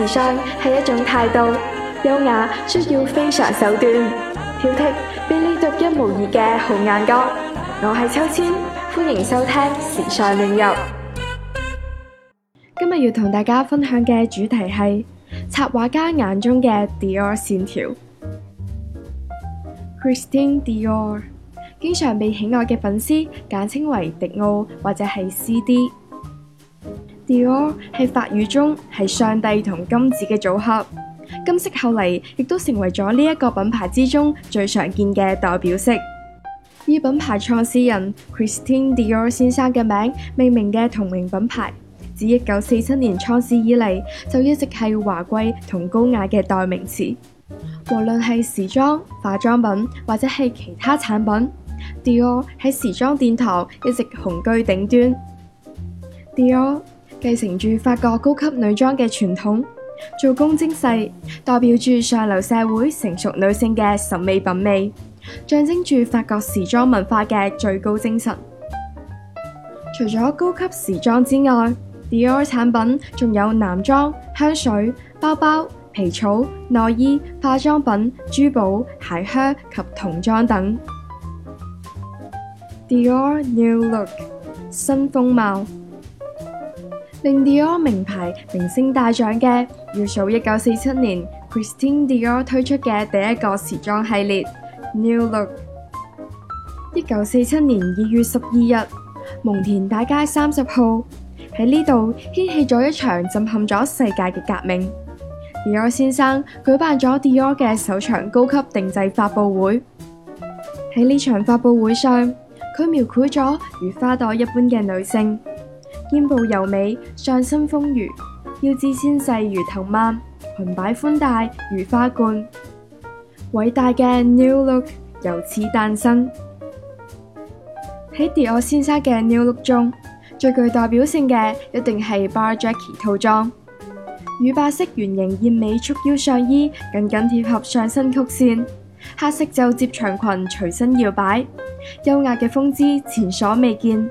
時尚係一種態度，優雅需要非常手段，挑剔，俾你獨一無二嘅紅眼光。我係秋千，歡迎收聽時尚亂入。今日要同大家分享嘅主題係插畫家眼中嘅 Dior 線條。Christine Dior 經常被喜愛嘅粉絲簡稱為迪奧或者係 CD。Dior 係法語中係上帝同金子嘅組合，金色後嚟亦都成為咗呢一個品牌之中最常見嘅代表色。以品牌創始人 Christian Dior 先生嘅名命名嘅同名品牌，自一九四七年創始以嚟就一直係華貴同高雅嘅代名詞。無論係時裝、化妝品或者係其他產品，Dior 喺時裝殿堂一直雄踞頂端。Dior 繼承住法國高級女裝嘅傳統，做工精細，代表住上流社會成熟女性嘅審美品味，象徵住法國時裝文化嘅最高精神。除咗高級時裝之外，Dior 產品仲有男裝、香水、包包、皮草、內衣、化妝品、珠寶、鞋靴及童裝等。Dior New Look 新風貌。令 Dior 名牌名聲大噪嘅要數1947年 Christian Dior 推出嘅第一個時裝系列，New Look.1947 年2月12日，蒙田大街30號，喺呢度，掀起咗一場震撼咗世界的革命。Dior 先生舉辦咗 Dior 嘅首場高級定製發佈會。喺呢場發佈會上，佢描繪咗如花朵一般的女性。肩部柔美，上身豐腴，腰肢纖細如藤蔓，裙襬寬大如花冠。偉大嘅 New Look 由此誕生。喺迪奧先生嘅 New Look 中，最具代表性嘅一定係 Bar Jacket 套裝。乳白色圓形燕尾束腰上衣，緊緊貼合上身曲線；黑色皺褶長裙隨身搖擺，優雅嘅風姿前所未見。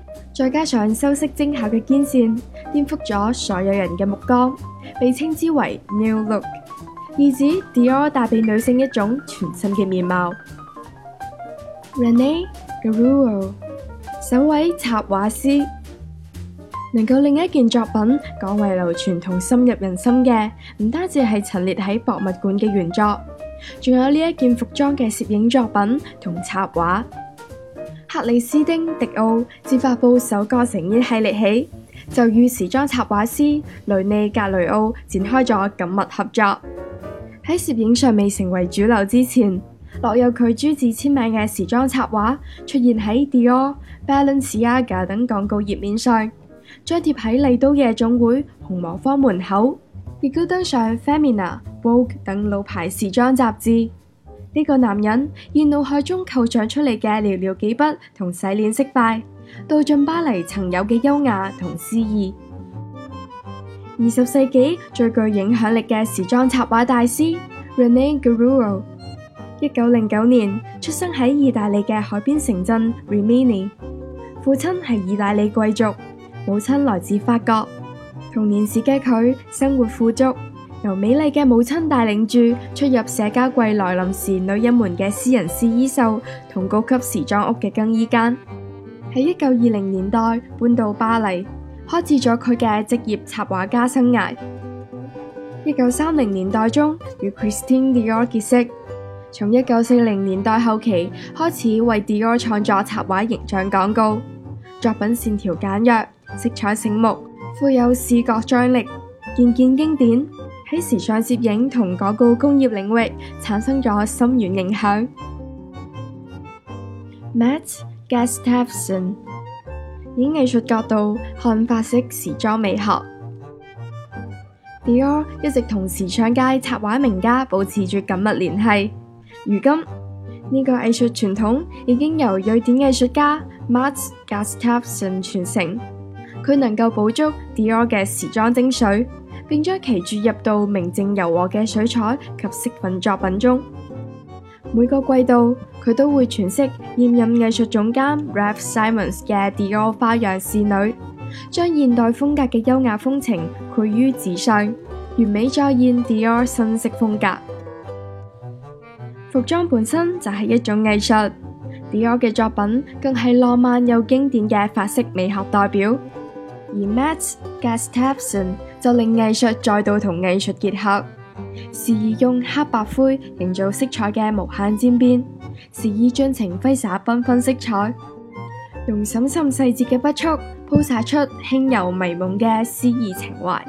再加上修飾精巧嘅肩線，顛覆咗所有人嘅目光，被稱之為 New Look，意指 Dior 帶俾女性一種全新嘅面貌。Renee Garou，首位插畫師，能夠令一件作品廣為流傳同深入人心嘅，唔單止係陳列喺博物館嘅原作，仲有呢一件服裝嘅攝影作品同插畫。克里斯汀·迪奧自發佈首個成衣系列起，就與時裝插畫師雷尼·格雷奧展開咗緊密合作。喺攝影尚未成為主流之前，落有佢朱字簽名嘅時裝插畫出現喺迪奧、Balenciaga 等廣告頁面上，張貼喺利都夜總會、紅磨坊門口，亦都登上《Femina》、《Vogue》等老牌時裝雜誌。呢、這個男人以腦海中構想出嚟嘅寥寥幾筆，同洗練色塊，道盡巴黎曾有嘅優雅同詩意。二十世紀最具影響力嘅時裝插畫大師 René Gruau，一九零九年出生喺意大利嘅海邊城鎮 Rimini，父親係意大利貴族，母親來自法國。童年時嘅佢生活富足。由美麗嘅母親帶領住出入社交季來臨時，女人們嘅私人試衣秀同高級時裝屋嘅更衣間。喺一九二零年代搬到巴黎，開始咗佢嘅職業插畫家生涯。一九三零年代中與 Christian Dior 結識，從一九四零年代後期開始為 Dior 創作插畫形象廣告，作品線條簡約，色彩醒目，富有視覺張力，件件經典。喺時尚攝影同廣告工業領域產生咗深遠影響。Mats Gustafsson 以藝術角度看法式時裝美學。Dior 一直同時尚界插畫名家保持住緊密聯繫，如今呢個藝術傳統已經由瑞典藝術家 Mats Gustafsson 傳承，佢能夠捕捉 Dior 嘅時裝精髓。並將其注入到明淨柔和嘅水彩及色粉作品中。每個季度佢都會詮釋現任藝術總監 Raf Simons 嘅 Dior 花漾仕女，將現代風格嘅優雅風情繪於紙上，完美再現 Dior 新式風格。服裝本身就係一種藝術，Dior 嘅作品更係浪漫又經典嘅法式美學代表。而 Mats Gustafson 就令藝術再度同藝術結合，時而用黑白灰營造色彩嘅無限漸變，時而盡情揮灑繽紛色彩，用審慎細節嘅筆觸鋪灑出輕柔迷蒙嘅詩意情懷。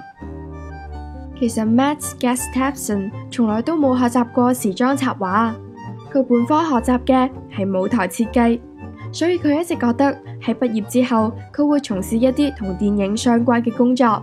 其實，Matt Gastapson 從來都冇學習過時裝插畫，佢本科學習嘅係舞台設計，所以佢一直覺得喺畢業之後佢會從事一啲同電影相關嘅工作。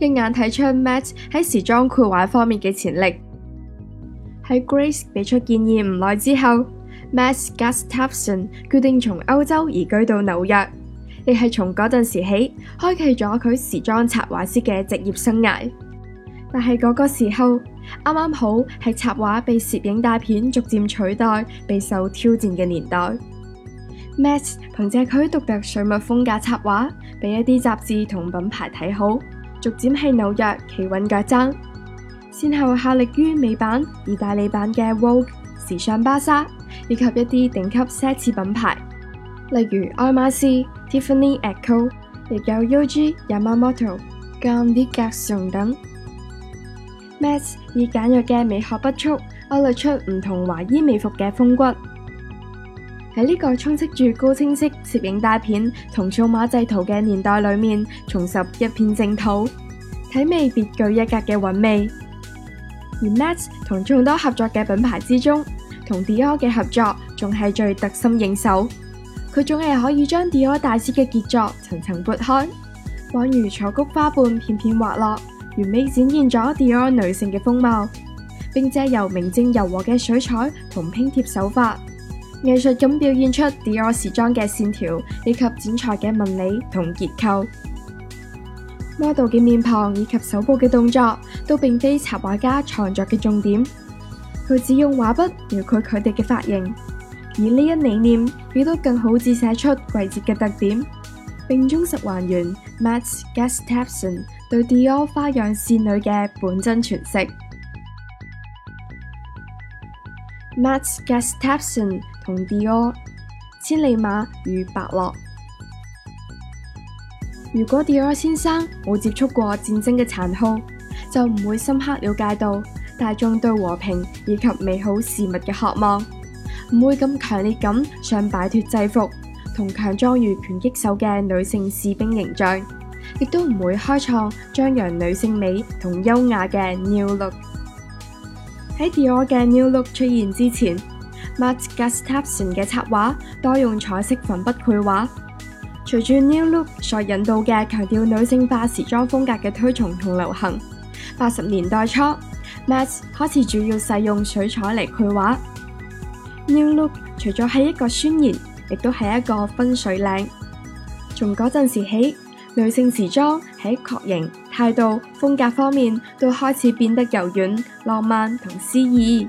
一眼睇出 Matt 喺時裝繪畫方面嘅潛力，喺 Grace 俾出建議唔耐之後，Matt Gustavson 決定從歐洲移居到紐約，亦係從嗰陣時起開啟咗佢時裝插畫師嘅職業生涯。但係嗰個時候啱啱好係插畫被攝影大片逐漸取代、備受挑戰嘅年代。Matt 憑借佢獨特水墨風格插畫，俾一啲雜誌同品牌睇好。逐漸喺紐約企穩腳踭，先後效力於美版、意大利版嘅 Vogue、時尚芭莎，以及一啲頂級奢侈品牌，例如愛馬仕、Tiffany、Echo，亦有 Ug、Yamamoto、Comme des Garçons 等。Mats 以簡約嘅美學筆觸，勾勒出唔同華衣美服嘅風骨。喺呢個充斥住高清晰攝影大片同數碼製圖嘅年代裏面，重拾一片淨土，睇味別具一格嘅韻味。而 Mat 同眾多合作嘅品牌之中，同 Dior 嘅合作仲係最得心應手。佢仲係可以將 Dior 大師嘅傑作層層撥開，宛如雛菊花瓣片片滑落，完美展現咗 Dior 女性嘅風貌，並且由明正柔和嘅水彩同拼貼手法。藝術咁表現出 Dior 時裝嘅線條以及剪裁嘅紋理同結構，model 嘅面龐以及手部嘅動作都並非插畫家創作嘅重點，佢只用畫筆描繪佢哋嘅髮型，而呢一理念亦都更好折射出季節嘅特點，並忠實還原 Mats Gustafson 對 Dior 花樣少女嘅本真詮釋。Mats Gustafson 同 Dior，千里馬與伯樂。如果 Dior 先生冇接觸過戰爭嘅殘酷，就唔會深刻了解到大眾對和平以及美好事物嘅渴望，唔會咁強烈咁想擺脫制服同強壯如拳擊手嘅女性士兵形象，亦都唔會開創張揚女性美同優雅嘅 New Look。喺 Dior 嘅 New Look 出現之前。Matt Gustafson 嘅插畫多用彩色粉筆繪畫，隨住 New Look 所引導嘅強調女性化時裝風格嘅推崇同流行，八十年代初，Matt 開始主要使用水彩嚟繪畫。New Look 除咗係一個宣言，亦都係一個分水嶺。從嗰陣時起，女性時裝喺確認、態度、風格方面都開始變得柔軟、浪漫同詩意。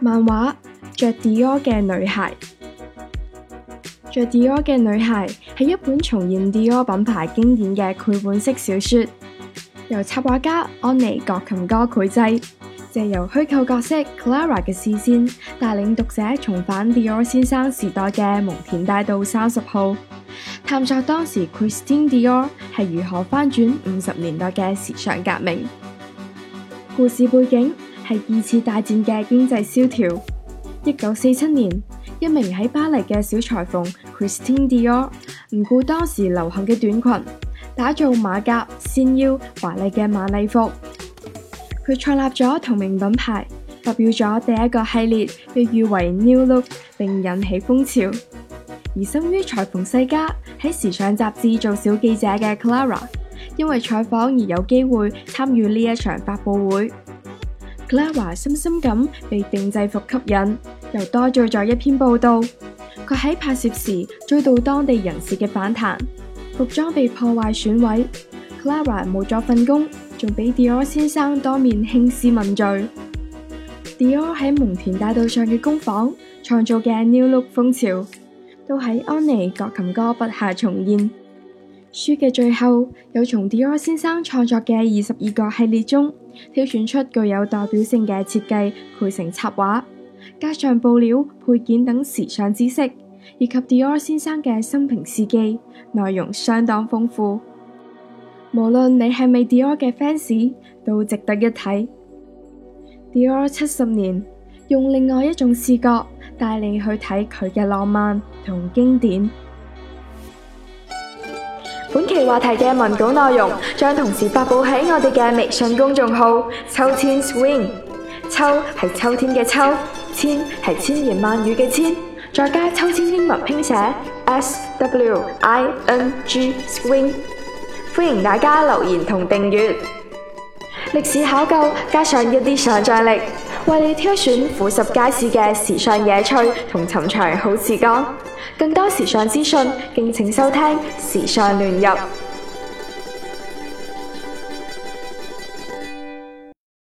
漫畫《著 Dior 嘅女孩》，《著 Dior 嘅女孩》係一本重現 Dior 品牌經典嘅繪本式小說，由插畫家安妮葛琴戈繪製，借由虛構角色 Clara 嘅視線，帶領讀者重返 Dior 先生時代嘅蒙田大道三十號，探索當時 Christian Dior 係如何翻轉五十年代嘅時尚革命。故事背景。.係二次大戰嘅經濟蕭條，一九四七年，一名喺巴黎嘅小裁縫 Christian Dior，唔顧當時流行嘅短裙，打造馬甲、纖腰、華麗嘅晚禮服。佢創立咗同名品牌，發表咗第一個系列，被譽為 New Look，並引起風潮。而生於裁縫世家、喺時尚雜誌做小記者嘅 Clara，因為採訪而有機會參與呢一場發布會。Clara 深深咁被定制服吸引，又多做咗一篇報道。佢喺拍攝時追到當地人士嘅反彈，服裝被破壞損毀。Clara 冇咗份工，仲俾 Dior 先生當面興師問罪。Dior 喺蒙田大道上嘅工坊，創造嘅 New Look 風潮，都喺安妮鋼琴歌筆下重現。書嘅最後，有從 Dior 先生創作嘅二十二個系列中。挑選出具有代表性嘅設計，繪成插畫，加上布料、配件等時尚知識，以及 Dior 先生嘅生平事跡，內容相當豐富。無論你係咪 Dior 嘅 fans，都值得一睇。Dior 七十年，用另外一種視覺帶你去睇佢嘅浪漫同經典。本期話題嘅文稿內容將同時發佈喺我哋嘅微信公眾號秋千 Swing，秋係秋天嘅秋，千係千言萬語嘅千，再加秋千英文拼寫 S W I N G Swing，歡迎大家留言同訂閱，歷史考究加上一啲想象力。為你挑選俯拾皆是嘅時尚野趣同尋常好時光，更多時尚資訊，敬請收聽《時尚亂入》。